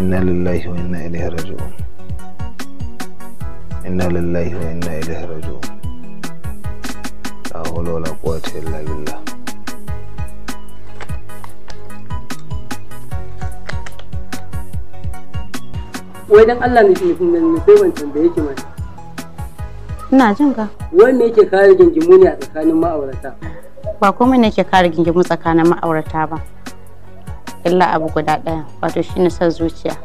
inna lillahi wa inna ilaihi raji'un inna lillahi wa inna ilaihi raji'un la hawla wala quwwata illa billah wai dan Allah ne shi ne sai wancan da yake mai ina jin ka wai me yake kare jinjimu ne a tsakanin ma'aurata ba komai ne yake kare gingimu tsakanin ma'aurata ba illa abu guda ɗaya wato shine son zuciya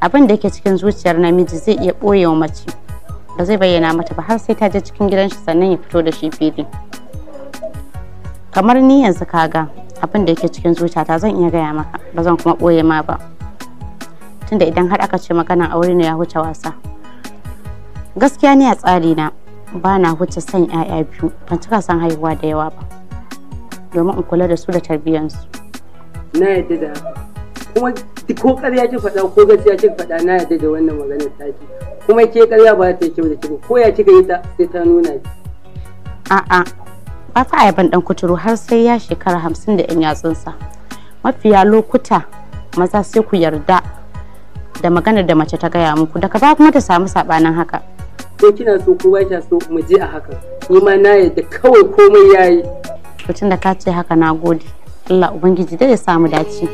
abin da yake cikin zuciyar namiji zai iya ɓoye wa mace ba zai bayyana mata ba har sai ta je cikin gidan shi sannan ya fito da shi fili kamar ni yanzu kaga abin da yake cikin zuciyata zan iya gaya maka ba zan kuma ɓoye ma ba tunda idan har aka ce maganan aure ne ya huce wasa gaskiya ni a tsari na ba na huce son 'ya'ya biyu ban cika son haihuwa da yawa ba domin in kula da su da tarbiyyansu na yadda da kuma ko ƙarya ki faɗa ko gaskiya ki faɗa na yadda da wannan maganar taki kuma ke ƙarya ba ta kyau da kiba ko ya kika yi ta sai ta nuna ki a'a ba fa ayaban dan kuturu har sai ya shekara hamsin da yan yatsunsa mafiya lokuta maza sai ku yarda da maganar da mace ta gaya muku daga ba kuma ta samu sabanin haka ko kina so ko ba so mu je a haka ni ma na yadda kawai komai yayi mutum da ka ce haka na gode Allah Ubangiji da ya samu dace.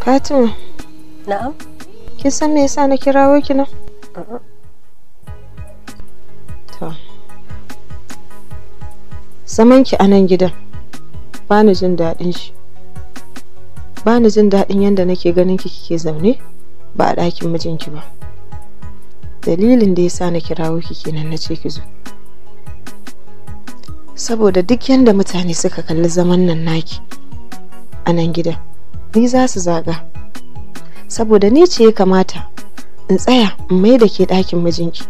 Fatima. Na'am. Kin san me yasa na kirawo ki nan? To. Zaman ki a nan gidan. Ba ni jin daɗin shi. Ba ni jin daɗin yadda nake ganin ki kike zaune ba a ɗakin mijinki ba. Dalilin da ya sa na kirawo ki kenan na ce ki zo. saboda duk yadda mutane suka kalli zaman nan naki a nan gida ni za su zaga saboda ni ce ya kamata in tsaya in mai da ke ɗakin mijinki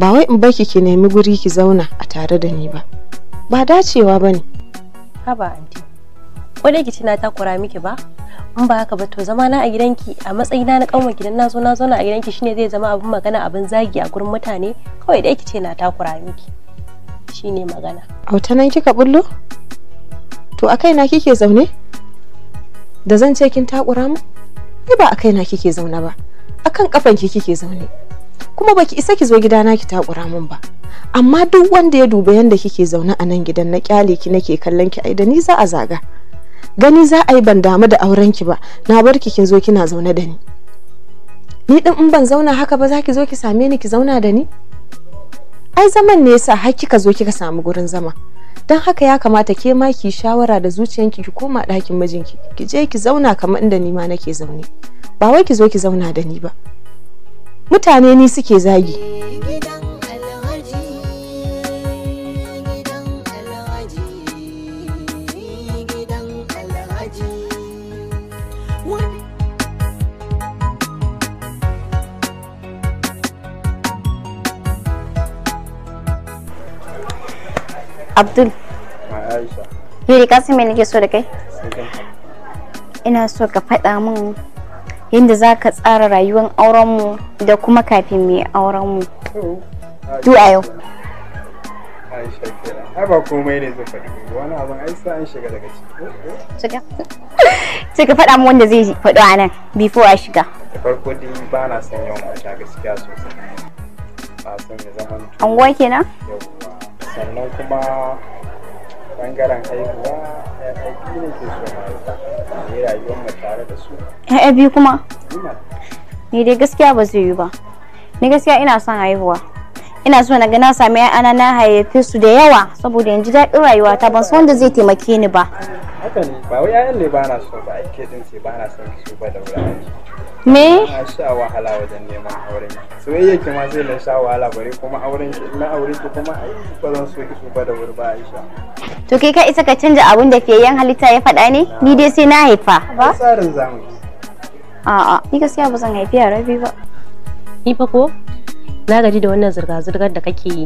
ba wai in baki ke nemi guri ki zauna a tare da ni ba ba dacewa ba ne haba anti ko ki tana takura miki ba in ba haka ba to zama na a gidanki a matsayina na kanwa gidan na zo na zauna a gidanki shine zai zama abin magana abin zagi a gurin mutane kawai da ki ce na takura miki shine magana Auta nan kika bullo to a kaina kike zaune da zan ce kin takura mu ai ba a kaina kike zaune ba akan kafanki kike zaune kuma baki isa ki zo gidana ki takura mun ba amma duk wanda ya duba yanda kike zaune a nan gidan na kyale ki nake kallon ki ai da ni za a zaga gani za a yi ban damu da auren ki ba na bar ki kin zo kina zaune da ni ni din in ban zauna haka ba zaki zo ki same ni ki zauna da ni ai zaman ne yasa har kika zo kika samu gurin zama dan haka ya kamata ke ma ki shawara da zuciyanki ki koma ɗakin mijinki ki je ki zauna kamar inda ni ma nake zaune ba wai ki zo ki zauna da ni ba mutane ni suke zagi abdul yuri kasu me nake so da kai ina so ka faɗa min yadda za tsara rayuwar aurenmu da kuma kafin mai aurenmu tu a yau ai ba komai ne zai faɗi wani abin aisa an shiga daga ciki sai ka faɗa min wanda zai faɗo a nan before a shiga da farko dai ba na yawan mata gaskiya sosai ba ya zama anguwa kenan yawwa sannan kuma bangaren haihuwa ya ne ke so ne rayuwar mu tare da su ya'ya biyu kuma ni dai gaskiya ba zai yi ba ni gaskiya ina son haihuwa ina so na gana sami ana na haife su da yawa saboda yanzu daɗin rayuwa ta ban san wanda zai taimake ni ba haka ne ba wai ne ba na so ba ake din ce ba na son su ba da wurare me sha wahala wajen neman aure soyayya ki ma sai sha wahala bare kuma auren ki na aure ki kuma ai ba zan so ki ba da wuri ba Aisha to kai ka isa ka canja abun da fiyayyen halitta ya faɗa ne ni dai sai na haifa ba tsarin zamu a'a ni gaskiya ba zan haifi yara biyu ba ni fa ko na gaji da wannan zirga-zirgar da kake yi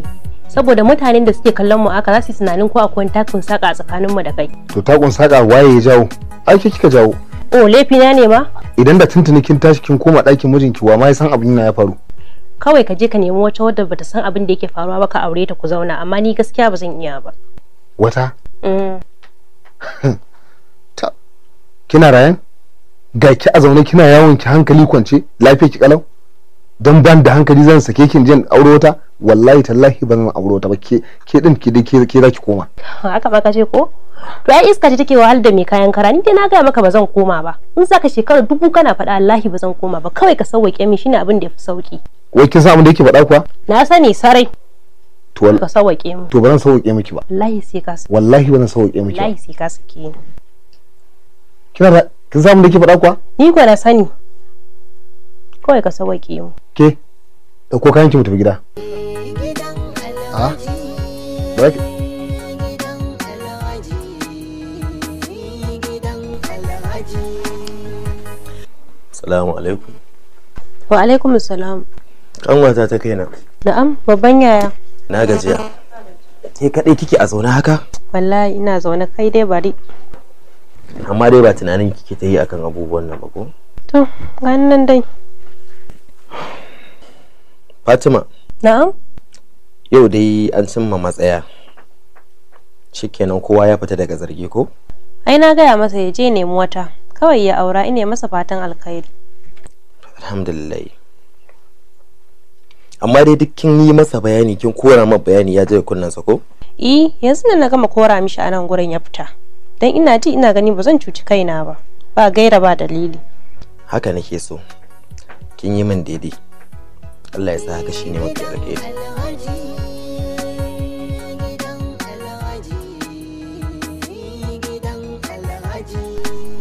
saboda mutanen da suke kallon mu aka za su tunanin ko akwai takun saka a tsakaninmu da kai to takun saka waye ya jawo ai kika jawo oh laifi na ne ma idan da tuntuni kin tashi kin koma ɗakin mijinki wa ma ya san abin ya faru kawai ka je ka nemi wata wadda bata san abin da yake faruwa ba ka aure ta ku zauna amma ni gaskiya ba zan iya ba wata mm. kina rayan ga ki a zaune kina yawon ki hankali kwance lafiya ki kalau don ban da hankali zan sake kin jin aure wata wallahi tallahi ban aure wata ba ke ke din ki dai ke za ki koma haka ba ka ce ko to ai iska ce take wahal da mai kayan kara ni dai na gaya maka ba zan koma ba in saka shekara dubu kana faɗa allahi ba zan koma ba kawai ka sauwaƙe min shine abin da yafi sauki wai kin san abin da yake faɗa kuwa na sani sarai to ka sauwaƙe min to ba zan sauwaƙe miki ba wallahi sai ka saki wallahi ba zan sauwaƙe miki wallahi sai ka saki ni kina da kin san abin da yake faɗa kuwa ni ko na sani kawai ka sauwaƙe mu ke ko kayan ki mu tafi gida a ah? ba Salamu alaikum. Wa alaikum salam. Kanwata ta kaina. Na'am, babban yaya. Na gajiya. Ke kadai kike a zaune haka? Wallahi ina zaune kai dai bari. Amma dai ba tunanin kike ta yi akan abubuwan nan ba ko? To, gani nan dai. Fatima. Na'am. Yau dai an cimma matsaya. Shikenan kowa ya fita daga zargi ko? Ai na gaya masa ya je nemi wata. kawai ya aura ina masa fatan alkhairi alhamdulillah amma dai duk kin yi masa bayani kin kora ma bayani ya je sa ko eh yanzu na gama kora mishi a nan gurin ya fita dan ina ji ina gani ba zan cuci kaina ba ba gaira ba dalili haka nake so kin yi min daidai Allah ya sa haka shine mafi alheri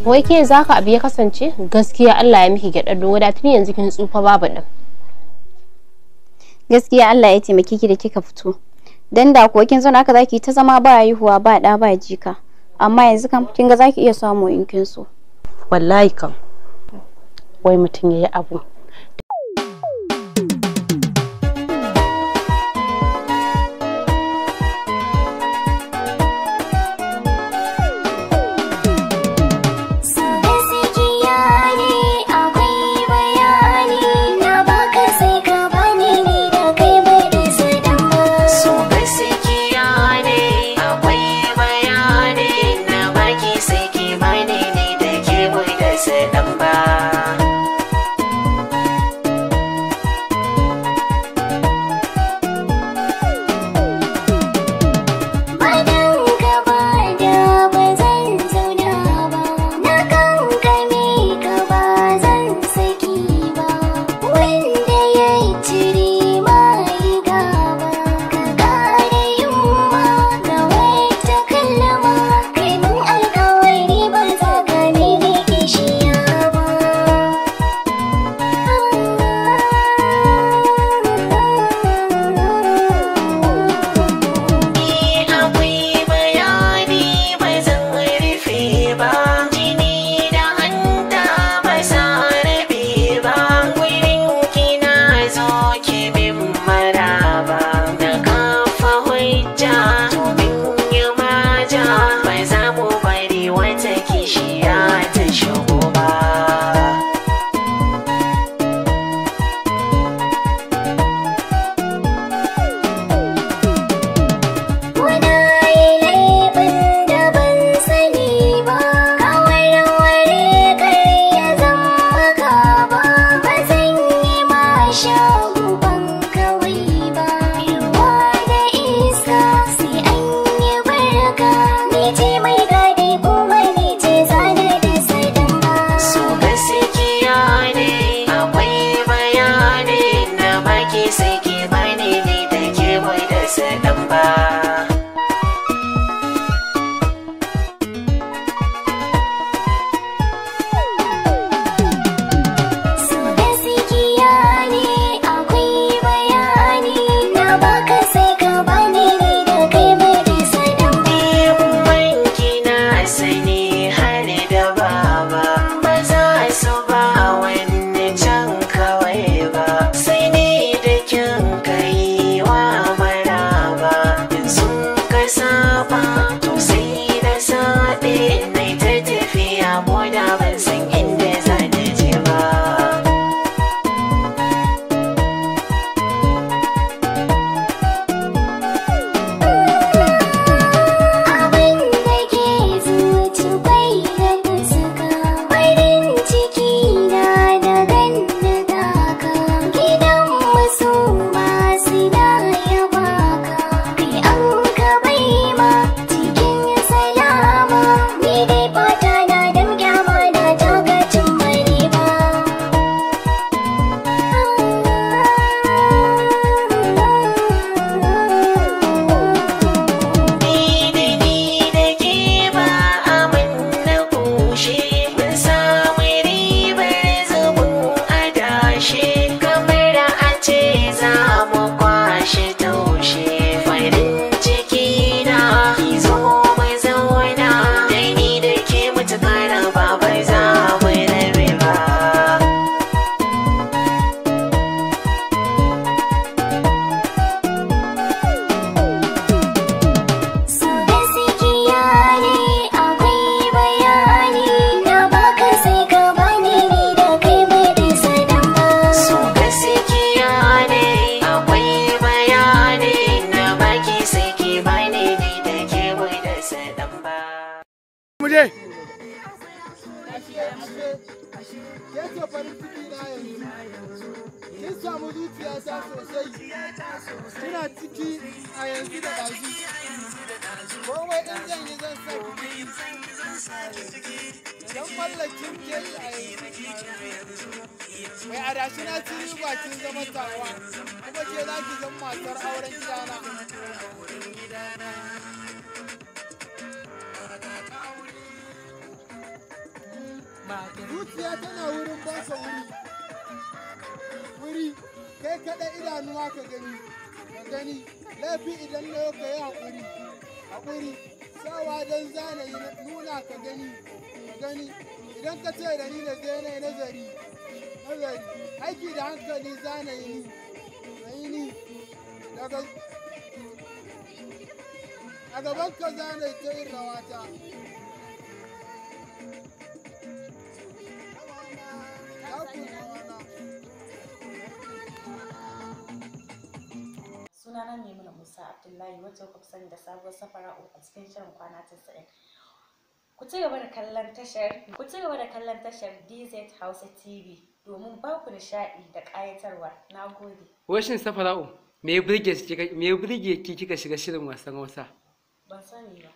wai ke za ka abu ya kasance gaskiya Allah ya miki gyaɗar don da tun yanzu kin tsufa babu ɗin. Gaskiya Allah ya taimake ki da kika fito. Dan da kuwa kin zauna haka za ta zama ba haihuwa ba ɗa ba jika. Amma yanzu kam kin ga zaki iya samu in kin so. Wallahi kam. Wai mutum ya abu kila kin mai adashi na ci riba kin zama tawa kuma ke za ki zama matar auren gidana zuciya tana wurin basa wuri wuri kai kaɗa idanuwa ka gani ka gani laifi idan na yau ka yi haƙuri haƙuri sawa don zanayi nuna ka gani ka gani idan ka ce da ni da sai nazari nazari aiki da hankali za yi ni daga a gaban ka za ta yi rawata sunana ne mana musa abdullahi wacce kuka sani da sabuwar safara a cikin shirin kwana 90 Ku ci gaba da kallon tashar ku ci gaba DZ Hausa TV domin ba ku nishaɗi da ƙayatarwa. Na gode. Washin Safara'u, me ya burge ki kika shiga shirin wasan wasa? Ban sani ba.